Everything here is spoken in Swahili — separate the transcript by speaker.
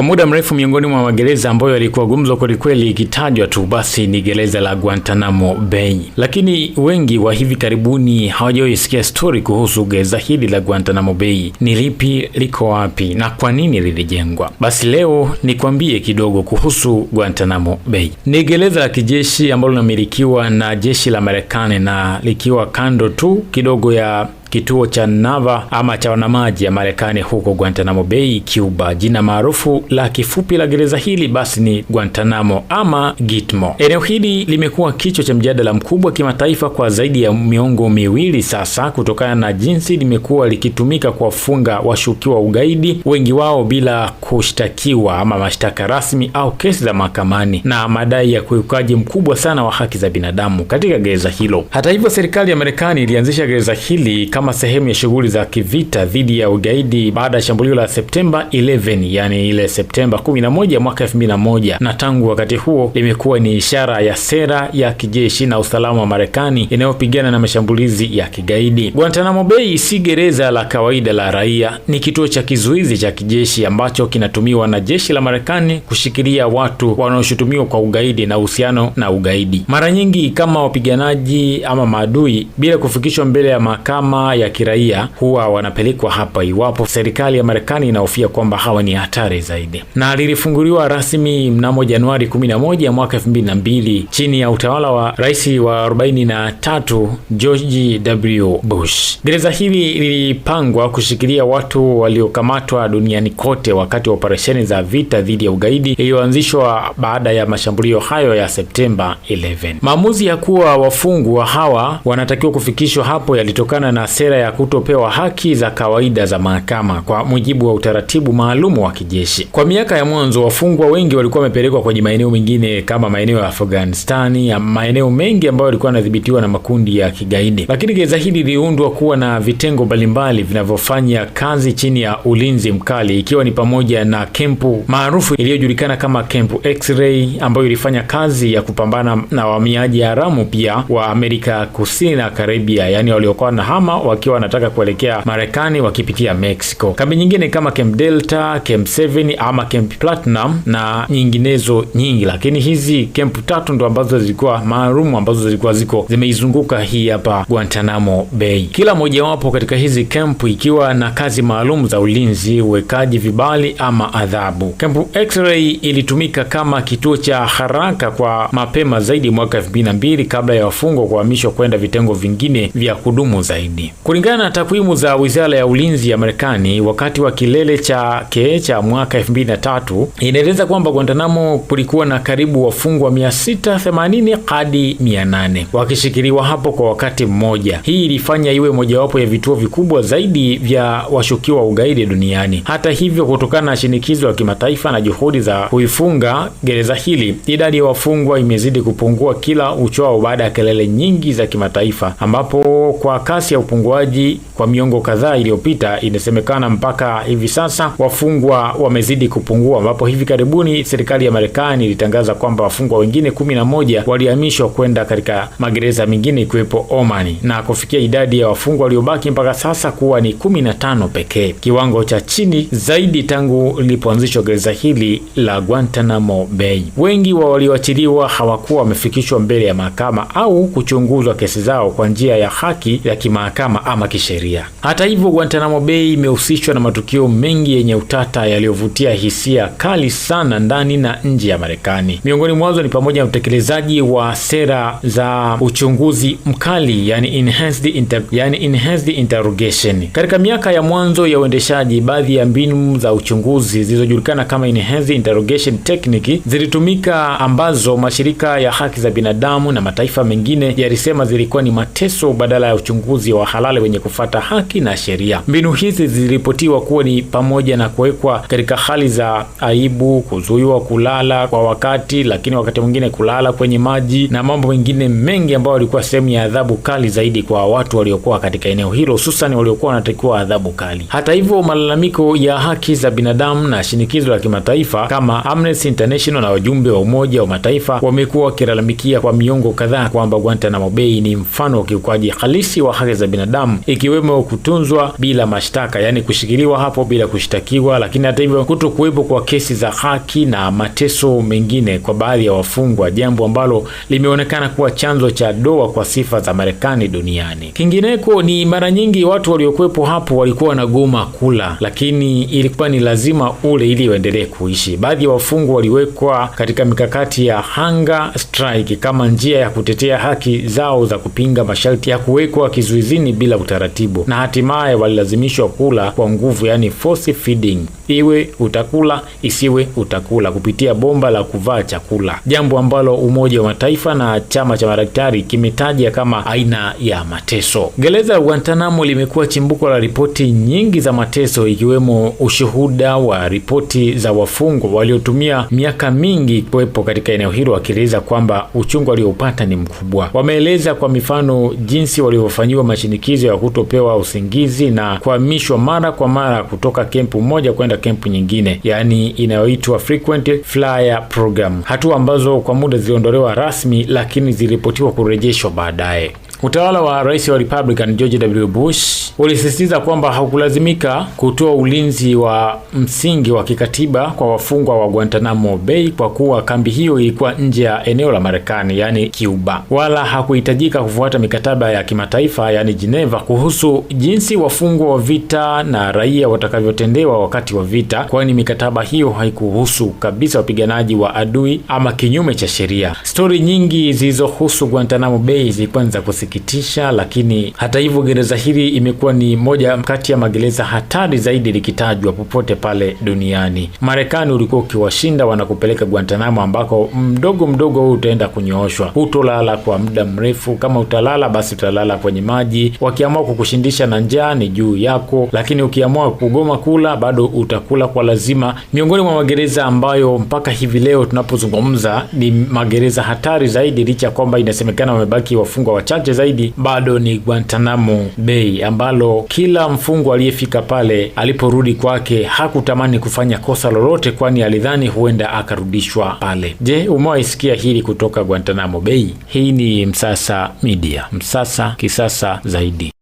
Speaker 1: Kwa muda mrefu miongoni mwa magereza ambayo yalikuwa gumzo kwelikweli ikitajwa tu basi ni gereza la Guantanamo Bay, lakini wengi wa hivi karibuni hawajaisikia stori kuhusu gereza hili la Guantanamo Bay. Ni lipi, liko wapi na kwa nini lilijengwa? Basi leo nikwambie kidogo kuhusu Guantanamo Bay. Ni gereza la kijeshi ambalo linamilikiwa na jeshi la Marekani na likiwa kando tu kidogo ya kituo cha Nava ama cha wanamaji ya Marekani huko Guantanamo Bay, Cuba. Jina maarufu la kifupi la gereza hili basi ni Guantanamo ama Gitmo. Eneo hili limekuwa kichwa cha mjadala mkubwa kimataifa kwa zaidi ya miongo miwili sasa, kutokana na jinsi limekuwa likitumika kuwafunga washukiwa ugaidi, wengi wao bila kushtakiwa ama mashtaka rasmi au kesi za mahakamani, na madai ya ukiukaji mkubwa sana wa haki za binadamu katika gereza hilo. Hata hivyo, serikali ya Marekani ilianzisha gereza hili kama sehemu ya shughuli za kivita dhidi ya ugaidi baada ya shambulio la Septemba 11 yani ile Septemba 11 mwaka 2001, na tangu wakati huo limekuwa ni ishara ya sera ya kijeshi na usalama wa Marekani inayopigana na mashambulizi ya kigaidi. Guantanamo Bay si gereza la kawaida la raia, ni kituo cha kizuizi cha kijeshi ambacho kinatumiwa na jeshi la Marekani kushikilia watu wanaoshutumiwa kwa ugaidi na uhusiano na ugaidi, mara nyingi kama wapiganaji ama maadui, bila kufikishwa mbele ya mahakama jamaa ya kiraia huwa wanapelekwa hapa iwapo serikali ya Marekani inahofia kwamba hawa ni hatari zaidi, na lilifunguliwa rasmi mnamo Januari 11 mwaka 2002 chini ya utawala wa rais wa 43 George W. Bush. Gereza hili lilipangwa kushikilia watu waliokamatwa duniani kote wakati wa operesheni za vita dhidi ya ugaidi iliyoanzishwa baada ya mashambulio hayo ya Septemba 11. Maamuzi ya kuwa wafungwa hawa wanatakiwa kufikishwa hapo yalitokana na sera ya kutopewa haki za kawaida za mahakama kwa mujibu wa utaratibu maalumu wa kijeshi. Kwa miaka ya mwanzo, wafungwa wengi walikuwa wamepelekwa kwenye maeneo mengine kama maeneo ya Afghanistani ya maeneo mengi ambayo yalikuwa yanadhibitiwa na makundi ya kigaidi, lakini gereza hili liliundwa kuwa na vitengo mbalimbali vinavyofanya kazi chini ya ulinzi mkali, ikiwa ni pamoja na kempu maarufu iliyojulikana kama kempu X-ray ambayo ilifanya kazi ya kupambana na wahamiaji haramu pia wa Amerika Kusini na Karibia, yani waliokuwa na hama wakiwa wanataka kuelekea Marekani wakipitia Mexico. Kambi nyingine kama Camp Delta, Camp 7 ama Camp Platinum na nyinginezo nyingi, lakini hizi kempu tatu ndo ambazo zilikuwa maalum ambazo zilikuwa ziko zimeizunguka hii hapa Guantanamo Bay, kila mojawapo katika hizi kempu ikiwa na kazi maalum za ulinzi, uwekaji vibali ama adhabu. Kempu X-ray ilitumika kama kituo cha haraka kwa mapema zaidi mwaka 2002 kabla ya wafungwa kuhamishwa kwenda vitengo vingine vya kudumu zaidi. Kulingana na takwimu za Wizara ya Ulinzi ya Marekani wakati wa kilele chake cha mwaka 2003, inaeleza kwamba Guantanamo kulikuwa na karibu wafungwa 680 hadi 800 wakishikiliwa hapo kwa wakati mmoja. Hii ilifanya iwe mojawapo ya vituo vikubwa zaidi vya washukiwa ugaidi duniani. Hata hivyo, kutokana na shinikizo la kimataifa na juhudi za kuifunga gereza hili, idadi ya wafungwa imezidi kupungua kila uchao baada ya kelele nyingi za kimataifa, ambapo kwa kasi ya upungua upasuaji kwa miongo kadhaa iliyopita, inasemekana mpaka hivi sasa wafungwa wamezidi kupungua, ambapo hivi karibuni serikali ya Marekani ilitangaza kwamba wafungwa wengine kumi na moja walihamishwa kwenda katika magereza mengine ikiwepo Omani na kufikia idadi ya wafungwa waliobaki mpaka sasa kuwa ni kumi na tano pekee, kiwango cha chini zaidi tangu lilipoanzishwa gereza hili la Guantanamo Bay. Wengi wa walioachiliwa hawakuwa wamefikishwa mbele ya mahakama au kuchunguzwa kesi zao kwa njia ya haki ya kimahakama mahakama ama kisheria. Hata hivyo, Guantanamo Bay imehusishwa na matukio mengi yenye utata yaliyovutia hisia kali sana ndani na nje ya Marekani. Miongoni mwazo ni pamoja na utekelezaji wa sera za uchunguzi mkali, yani enhanced inter, yani enhanced interrogation. Katika miaka ya mwanzo ya uendeshaji, baadhi ya mbinu za uchunguzi zilizojulikana kama enhanced interrogation technique zilitumika, ambazo mashirika ya haki za binadamu na mataifa mengine yalisema zilikuwa ni mateso badala ya uchunguzi wa haki halali wenye kufata haki na sheria. Mbinu hizi ziliripotiwa kuwa ni pamoja na kuwekwa katika hali za aibu, kuzuiwa kulala kwa wakati, lakini wakati mwingine kulala kwenye maji na mambo mengine mengi ambayo yalikuwa sehemu ya adhabu kali zaidi kwa watu waliokuwa katika eneo hilo, hususani waliokuwa wanatakiwa adhabu kali. Hata hivyo, malalamiko ya haki za binadamu na shinikizo la kimataifa kama Amnesty International na wajumbe wa Umoja wa Mataifa wamekuwa wakilalamikia kwa miongo kadhaa kwamba Guantanamo Bay ni mfano wa kiukwaji halisi wa haki za binadamu binadamu, ikiwemo kutunzwa bila mashtaka, yaani kushikiliwa hapo bila kushtakiwa. Lakini hata hivyo kuto kuwepo kwa kesi za haki na mateso mengine kwa baadhi ya wafungwa, jambo ambalo limeonekana kuwa chanzo cha doa kwa sifa za Marekani duniani. Kingineko ni mara nyingi watu waliokuwepo hapo walikuwa wanagoma kula, lakini ilikuwa ni lazima ule ili waendelee kuishi. Baadhi ya wafungwa waliwekwa katika mikakati ya hanga strike kama njia ya kutetea haki zao za kupinga masharti ya kuwekwa kizuizini bila utaratibu, na hatimaye walilazimishwa kula kwa nguvu, yani force feeding, iwe utakula isiwe utakula, kupitia bomba la kuvaa chakula, jambo ambalo Umoja wa Mataifa na chama cha madaktari kimetaja kama aina ya mateso. Gereza la Guantanamo limekuwa chimbuko la ripoti nyingi za mateso, ikiwemo ushuhuda wa ripoti za wafungwa waliotumia miaka mingi kuwepo katika eneo hilo, wakieleza kwamba uchungu walioupata ni mkubwa. Wameeleza kwa mifano jinsi walivyofanyiwa mashinikizo maambukizo ya kutopewa usingizi na kuhamishwa mara kwa mara kutoka kempu moja kwenda kempu nyingine, yaani inayoitwa frequent flyer program, hatua ambazo kwa muda ziliondolewa rasmi, lakini ziliripotiwa kurejeshwa baadaye. Utawala wa rais wa Republican George W. Bush ulisisitiza kwamba haukulazimika kutoa ulinzi wa msingi wa kikatiba kwa wafungwa wa Guantanamo Bay kwa kuwa kambi hiyo ilikuwa nje ya eneo la Marekani, yani Cuba, wala hakuhitajika kufuata mikataba ya kimataifa, yani Geneva, kuhusu jinsi wafungwa wa vita na raia watakavyotendewa wakati wa vita, kwani mikataba hiyo haikuhusu kabisa wapiganaji wa adui ama kinyume cha sheria. Stori nyingi zilizohusu Guantanamo Bay zilianza kusikika kusikitisha, lakini hata hivyo gereza hili imekuwa ni moja kati ya magereza hatari zaidi likitajwa popote pale duniani. Marekani ulikuwa ukiwashinda wanakupeleka Guantanamo, ambako mdogo mdogo huu utaenda kunyooshwa, hutolala kwa muda mrefu. Kama utalala, basi utalala kwenye maji. Wakiamua kukushindisha na njaa, ni juu yako, lakini ukiamua kugoma kula, bado utakula kwa lazima. Miongoni mwa magereza ambayo mpaka hivi leo tunapozungumza ni magereza hatari zaidi, licha ya kwamba inasemekana wamebaki wafungwa wachache zaidi bado ni Guantanamo Bay ambalo kila mfungwa aliyefika pale aliporudi kwake hakutamani kufanya kosa lolote, kwani alidhani huenda akarudishwa pale. Je, umewaisikia hili kutoka Guantanamo Bay? Hii ni Msasa Media, Msasa kisasa zaidi.